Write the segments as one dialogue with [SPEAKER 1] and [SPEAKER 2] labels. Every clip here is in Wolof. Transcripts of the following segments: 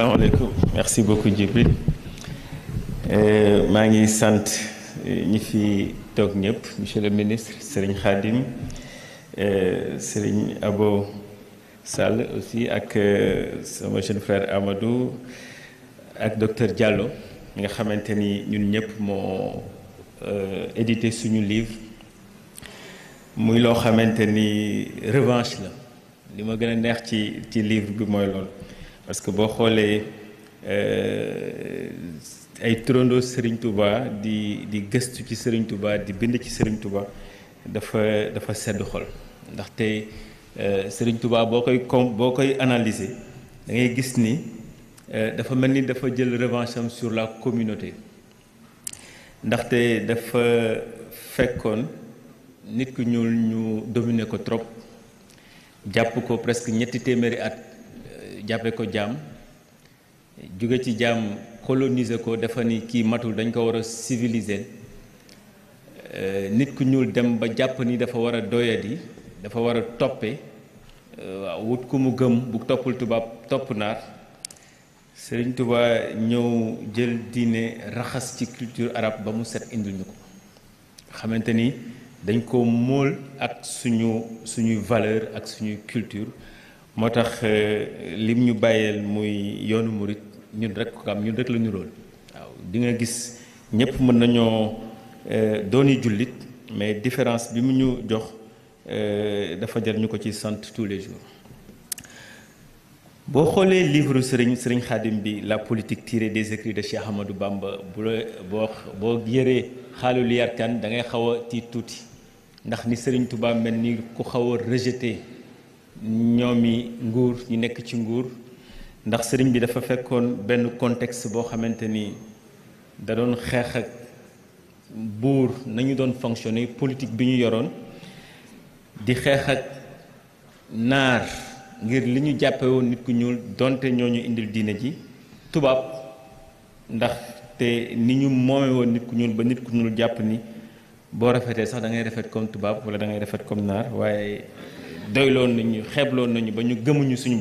[SPEAKER 1] alaykoum, merci beaucoup Djibril Je euh, ngi Sante, euh, ñi fi monsieur le ministre Serigne Khadim euh, Serigne Abo Sall aussi ak sama jeune frère Amadou ak docteur Diallo Je nga xamante ni ñun édité suñu livre muy loo xamante revanche la li ma gën neex ci ci livre bi mooy parce que xolé euh ay trondo Serigne Touba di di gëstu ci Serigne Touba di bind ci Serigne Touba dafa dafa sedd xol ndax euh Serigne Touba bokay bokay analyser da ngay gis ni euh dafa melni dafa jël revanche am sur la communauté ndax ndaxte dafa fekkone nit ku ñu ñu dominer ko trop japp ko presque ñetti téeméeri at. jàppe ko jaam jóge ci jaam coloniser ko defa ni kii matul dañ ko war a civiliser eh, nit ku ñuul dem ba jàpp ni dafa war a doyadi dafa war a toppe eh, waaw wut ku mu gëm bu toppul tubaab topp naar sëriñ Tuubaa ñëw jël diine raxas ci culture arabe ba mu set induñu ko xamante ni dañ ko móol ak suñu suñuy valeur ak suñuy culture moo tax euh, lim ñu bàyyeel muy yoonu murit ñun rek ko am ñun rek la ñu lool waaw di nga gis ñëpp mën nañoo euh, dooni jullit mais différence bi mu ñu jox euh, dafa jar ñu ko ci sant tous les jours boo xoolee livre sëriñ sëriñ xaadim bi la politique tirée des écrits de Cheikh Ahmadou Bamba bu la boo boo yëree xaalu liyarkaan da ngay xaw a tiit tuuti ndax ni sëriñ Tuubaa mel ni ku xaw a ñoomi nguur ñu nekk ci nguur ndax sëriñ bi dafa fekkoon benn contexte boo xamante ni da doon xeex ak buur nañu doon fonctionner politique bi ñu yoroon di xeex ak naar ngir li ñu jàppe woon nit ku ñuul donte ñoo ñu indil diine ji tubaab ndax te ni ñu moome woon nit ku ñuul ba nit ku ñuul jàpp ni boo rafetee sax da ngay rafet comme tubaab wala dangay rafet comme naar waaye doyloon nañu xeebloon nañu gëmuñu suñu suñu mu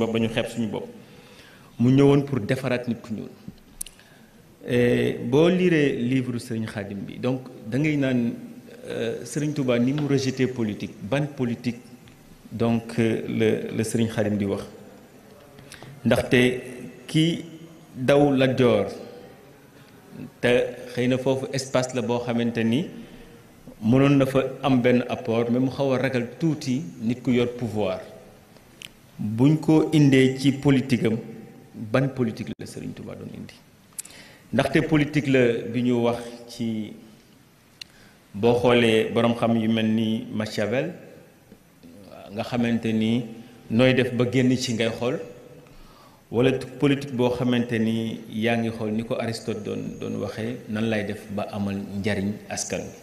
[SPEAKER 1] pour nit ku livre Sëriñ Xaadim bi donc da ngay naan euh, Touba ni mu politique ban politique donc euh, le le Qui Xaadim di wax ki daw la te espace la boo mënoon na fa am benn apport mais mu xaw a ragal tuuti nit ku yor pouvoir buñ ko indee ci politique am ban politique la Serigne Touba doon indi ndaxte politique la bi ñu wax ci boo xoolee boroom xam yu mel ni Machiavel nga xamante ni nooy def ba génn ci ngay xool wala politique boo xamante ni yaa ngi xool ni ko Aristote doon waxee nan lay def ba amal njariñ askan wi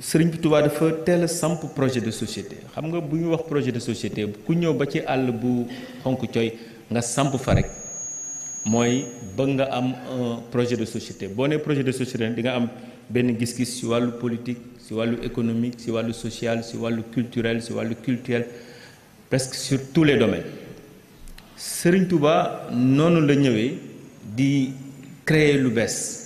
[SPEAKER 1] serigne bi Tuubaa dafa tel samp projet de société xam nga bu wax projet de société ku ñëw ba ci all bu xonk coy nga samp fa rek moy ba nga am un projet de société boo projet de société di nga am sur gis-gis ci walu politique ci walu économique ci walu social ci walu culturel ci walu culturel presque sur tous les domaines serigne Touba nonu la ñëwé di créer lu bess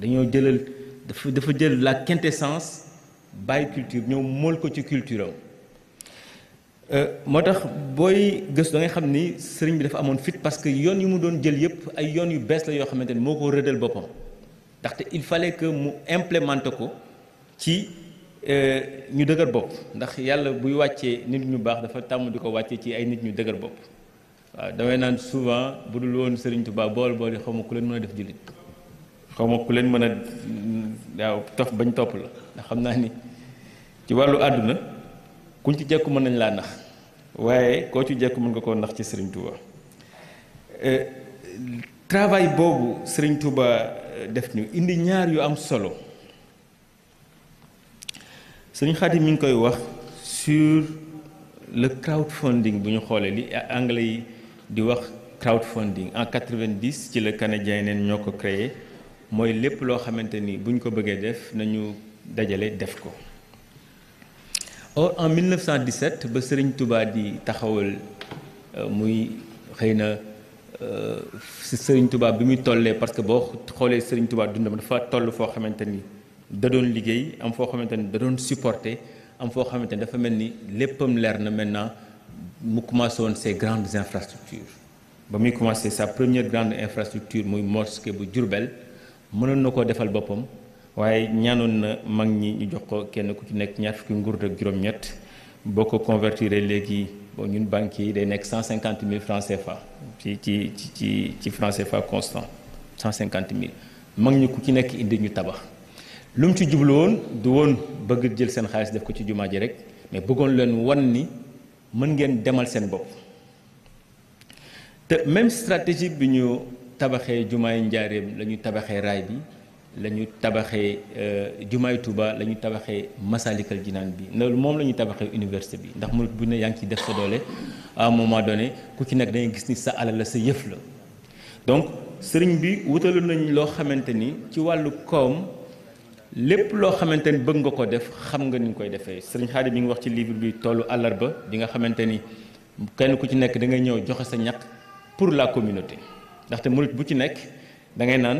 [SPEAKER 1] dañoo jëlal dafa dafa jël la quintessence bàyyi culture ñëw mool ko ci culture am euh, moo tax booy gëstu da ngay xam ni sëriñ bi dafa amoon fit parce que yoon yu mu doon jël yépp ay yoon yu bees la yoo xamante ni moo ko rëddal boppam ndaxte il fallait que mu implémente ko ci euh, ñu dëgër bopp ndax yàlla buy wàccee nit ñu baax dafa tàmm di ko wàccee ci ay nit ñu dëgër bopp waaw damay naan souvent bu dul woon sëriñ Tuubaa bool bool yi xaw ma ku leen mën a def jullit xaw ma ku leen mën a waaw tof bañ topp la xam naa ni ci wàllu àdduna kuñ ci jekku mën nañ laa nax waaye koo ci jekku mën nga koo nax ci Serigne Touba euh, travail boobu Serigne Touba euh, def ñu indi ñaar yu am solo Serigne Khadim mi ngi koy wax sur le crowdfunding bu ñu xoolee li anglais yi di wax crowdfunding en 90 ci la canadien neen ñoo ko créé moy lepp lo xamanteni buñ ko bëggé def nañu dajalé def ko or en 1917 ba serigne Touba di taxawal euh, muy xeyna euh serigne Touba bi muy tollé parce que bo xolé serigne Touba dundam dafa toll foo xamante ni da doon liggéey am fo xamanteni da doon supporter am fo xamanteni ni dafa melni leppam léppam na maintenant mu commencé won ces grandes infrastructures ba muy commencé sa première grande infrastructure muy mosquée bu djourbel mënoon na koo defal boppam waaye ñaanoon na mag ñi ñu jox ko kenn ku ci nekk ñaar fukki ngurd ak juróom-ñett boo ko convertir léegi bon ñun banque yi day nekk cent francs CFA ci ci ci ci francs CFA constant 150 000. mag ñi ku ci nekk indi ñu tabax lu mu ci jublu woon du woon bëgg jël seen xaalis def ko ci jumaa rek mais bëggoon leen wan ni mën ngeen demal seen bopp te même stratégie bi ñu. tabaxee jumaay njaareem la ñu tabaxee raay bi la ñu tabaxee euh, jumaay Touba la ñu tabaxee masalikal jinaan bi loolu moom la ñu tabaxee université bi ndax murit bu ne yaa ngi ciy def sa doole à un moment donné ku ci nekk da gis ni sa alal la yëf la donc sëriñ bi wutalu nañ loo xamante ni ci wàllu koom lépp loo xamante ni bëgg nga ko def xam nga ni ñu koy defee sëriñ Xaadi bi ngi wax ci livre bi tollu àllarba bi nga xamante ni kenn ku ci nekk da ngay ñëw joxe sa ñaq pour la communauté ndaxte murit bu ci nekk da ngay naan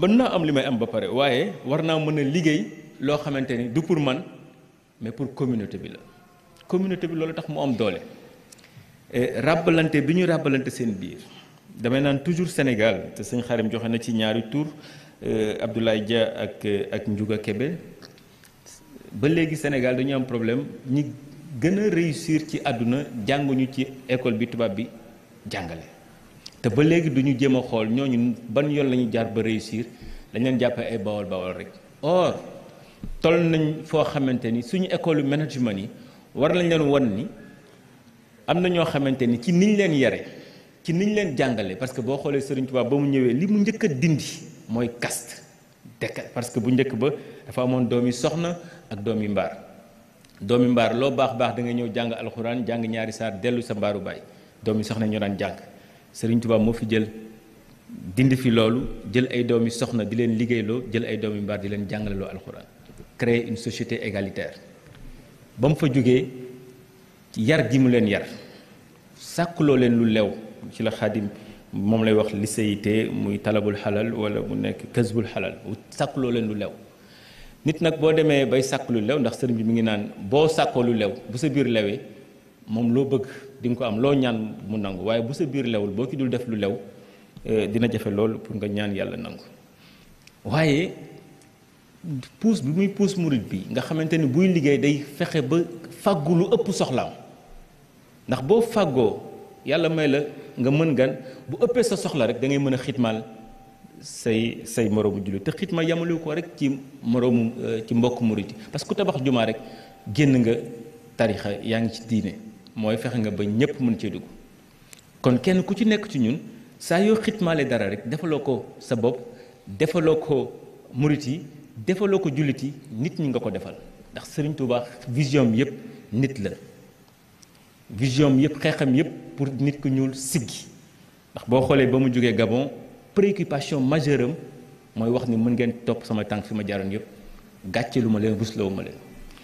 [SPEAKER 1] mën naa am li may am ba pare waaye war naa mën a liggéey loo xamante ni du pour man mais pour communauté bi la communauté bi loolu tax mu am doole ràbbalante bi ñu ràbbalante seen biir damay naan toujours Sénégal te sëñ xarim joxe na ci ñaari tur euh, Abdoulaye Dia ak ak Ndiouga Kébé ba léegi Sénégal dañu am problème ñi gën a réussir ci àdduna jànguñu ci école bi tubaab bi jàngale te ba léegi du ñu jéem a xool ñooñu ban yoon la ñu jaar ba réussir dañ leen jàppee ay bawol bawol rek or toll nañ foo xamante ni suñu école yu management yi war lañ leen wan ni am na ñoo xamante ni ci niñ leen yare ci niñ leen jàngale parce que boo xoolee Serigne Touba ba mu ñëwee li mu njëkk a dindi mooy caste dëkk parce que bu njëkk ba dafa amoon doomi soxna ak doomi mbaar doomi mbaar loo baax baax da nga ñëw jàng alxuraan jàng ñaari saar dellu sa mbaaru baay doomi soxna ñoo daan jàng Serigne Touba moo fi jël dindi fi loolu jël ay doomi soxna di leen liggéeyloo jël ay doomi mbaar di leen jàngalaloo alxuraan créer une société égalitaire ba mu fa jógee yar gi mu leen yar sàkkuloo leen lu lew ci la xaadim moom lay wax liséité muy talabul xalal wala mu nekk kasbul xalal sàkkuloo leen lu lew nit nag boo demee bay sàkk lu lew ndax sëriñ bi mi ngi naan boo sàkkoo lu lew bu sa biir lewee moom loo bëgg di nga ko am loo ñaan mu nangu waaye bu sa biir lewul boo ki dul def lu lew eh, dina jafe loolu pour nga ñaan yàlla nangu waaye puus bi muy puus murit bi nga xamante ni buy liggéey day fexe ba fàggu lu ëpp soxlaam ndax boo fàggoo yàlla may la nga mën gan bu ëppee sa soxla rek da ngay mën a xitmaal say say moroomu jullit te xitma yamalu ko rek ci moroomu eh, ci mbokk murit yi parce que ku tabax jumaa rek génn nga tarixa yaa ngi ci diine moy fexe nga ba ñépp mën ci dugg kon kenn ku ci nekk ci ñun sa yo xitmalé dara rek defaloko sa bop defaloko mouriti defaloko juliti nit ñi nga ko defal ndax serigne touba vision yëpp nit la vision yépp xeexam yëpp pour nit ku ñuul siggi ndax bo xolé ba mu joggé Gabon préoccupation majeure moy wax ni mën ngeen top sama tank fi ma jaaroon yépp gàcce lu ma leen rusloo ma leen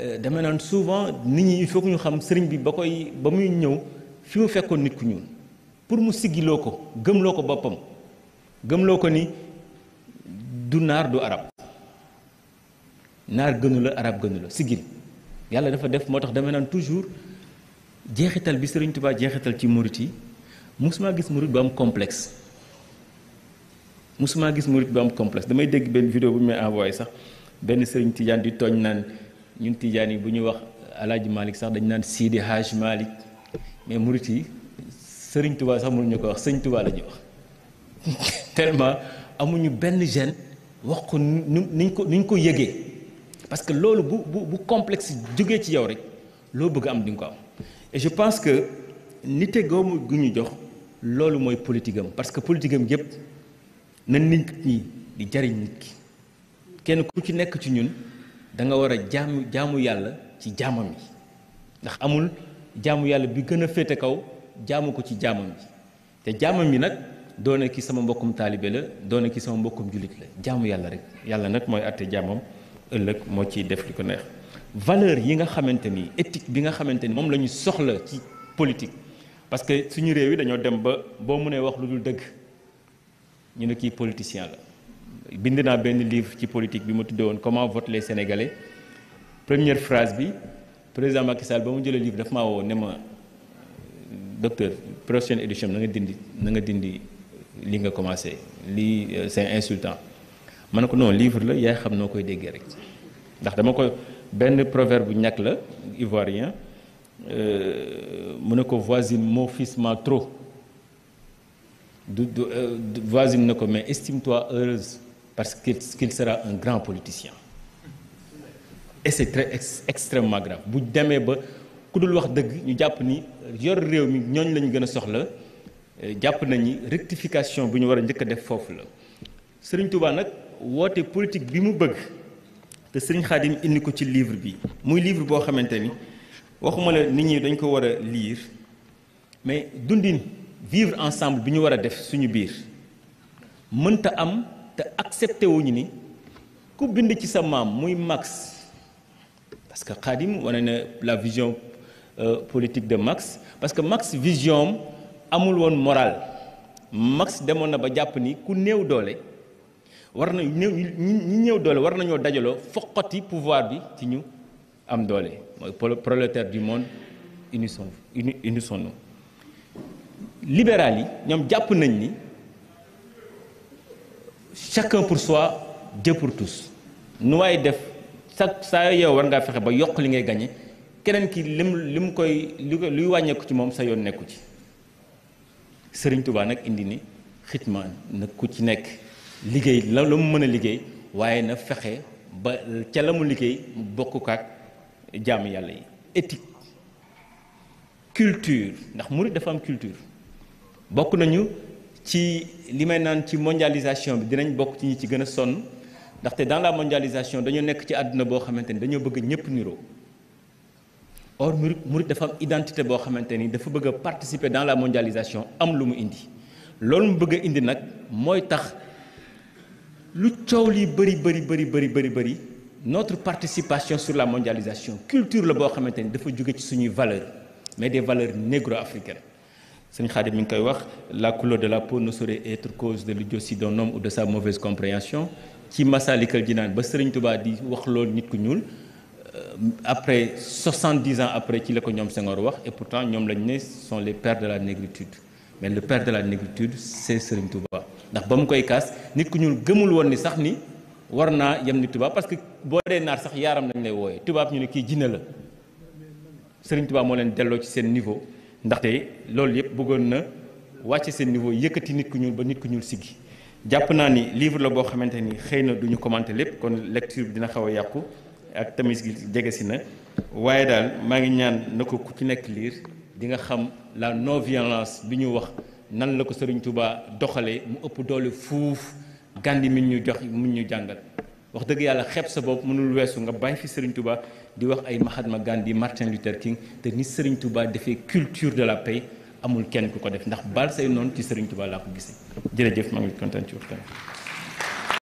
[SPEAKER 1] Euh, dama naan souvent nit ñi il faut que ñu xam sëriñ bi ba koy ba muy ñëw fi mu fekkoon nit ku ñuul pour mu siggiloo ko gëmloo ko boppam gëmloo ko ni du naar du arab naar gënu la arab gënu la siggil yàlla dafa def moo tax dama naan toujours jeexital bi sëriñ Tuubaa jeexital ci murit yi musuma gis murit bu am complexe musuma gis murit bu am complexe damay dégg benn vidéo bu may envoyé sax benn sëriñ Tijaan di tooñ naan ñun tijaan bu ñu wax alaaji malik sax dañu naan Sidi Haj malik mais murit serigne Touba sax mu ñu ko wax serigne Touba la ñu wax tellement amuñu benn gêne waxu niñ ko niñ ko yégué parce que lolu bu bu complexe jógee ci yow rek lo bëgg am diñ ko am et je pense que nite goomu gu ñu jox lolu moy politique parce que politique am nañ na nit ñi di jariñ nit ki kenn ku ci nekk ci ñun da nga war a jaamu jaamu yàlla ci jaamam yi ndax amul jaamu yàlla bi gën a féete kaw jaamu ko ci jaamam yi te jaamam yi nag doone ki sama mbokkum taalibe la doone ki sama mbokkum jullit la jaamu yàlla rek yàlla nag mooy àtte jaamam ëllëg moo ciy def li ko neex valeur yi nga xamante ni éthique bi nga xamante ni moom la ñu soxla ci politique parce que suñu réew yi dañoo dem ba boo mënee wax lu dul dëgg ñu ne kii politicien la bind naa benn livre ci politique bi ma comment votent les sénégalais première phrase bi président Macky Sall ba mu le livre daf ma woo ne ma euh, docteur prochaine édition na nga dindi na nga dindi li nga commencé li euh, c'est insultant ma ko non livre la yaay xam noo koy déggee rek ndax dama ko ben proverbe bu ñàkk la ivoirien euh ne ko voisine mon fils m'a trop du du euh, voisine na mais estime-toi heureuse parce qu'il sera un grand politicien et c'est extrêmement grave bu démé ba ku dul wax ñu ni yor mi soxla eh, nañ ni rectification def Touba politique bi bëgg Serigne Khadim indi ko ci livre bi livre waxuma la nit ñi lire mais vivre ensemble def suñu biir am te accepté wuñu ni ku bind ci sa mam muy max parce que khadim wane na la vision euh, politique de max parce que max vision amul won morale max demon na ba japp ni ku new doole war na néew ñi new doole war nañoo dajaloo foqati pouvoir bi ci ñu am doole moy prolétaire du monde unissons-nous libéral yi ñom japp nañ ni chacun pour soi Dieu pour tous nu waaye def sa saa yow war ngaa fexe ba yokk li ngay gañe keneen ki lim li koy luy wàññeeku ci moom sa yoon nekku ci Sëriñ Tuubaa nag indi ni xitma nag ku ci nekk liggéey la la mu mën a liggéey waaye na fexe ba ca la mu liggéey mu bokk ko ak jàmm yàlla yi éthique culture ndax mu dafa am culture bokk nañu ci li qui mondialisation dans la mondialisation nous nekk ci or nous identité participer dans la mondialisation am indi loolu notre participation sur la mondialisation culture la culture, nous devons dafa mais des valeurs négro-africaines la couleur de la peau ne saurait être cause de l'idiotie d'un homme ou de sa mauvaise compréhension qui Massalikal euh, après 70 ans après ci le et pourtant sont les pères de la négritude mais le père de la négritude c'est Serigne Touba ndax koy ni parce que sax yaram lañ lay ñu ne ki la Serigne Touba ci niveau ndaxte loolu yëpp bëggoon na wàcce seen niveau yëkkati nit ku ñuul ba nit ku ñuul siggi jàpp naa ni livre la boo xamante ni xëy na duñu ñu lépp kon lecture bi dina xaw a yàqu ak tamis gi jege si na waaye daal maa ngi ñaan na ko ku ci nekk liir di nga xam la non violence bi ñu wax nan la ko Serigne Touba doxalee mu ëpp doole fuuf gàndi min ñu jox mun ñu jàngal wax dëgg yàlla xeeb sa bopp mënul weesu nga bàyyi fi Serigne Touba di wax ay Mahatma Gandhi Martin Luther King te ni Serigne Touba defee culture de la paix amul kenn ku ko def ndax bal say non ci Serigne Touba la ko gissé jërëjëf maa ngi content ci waxtaan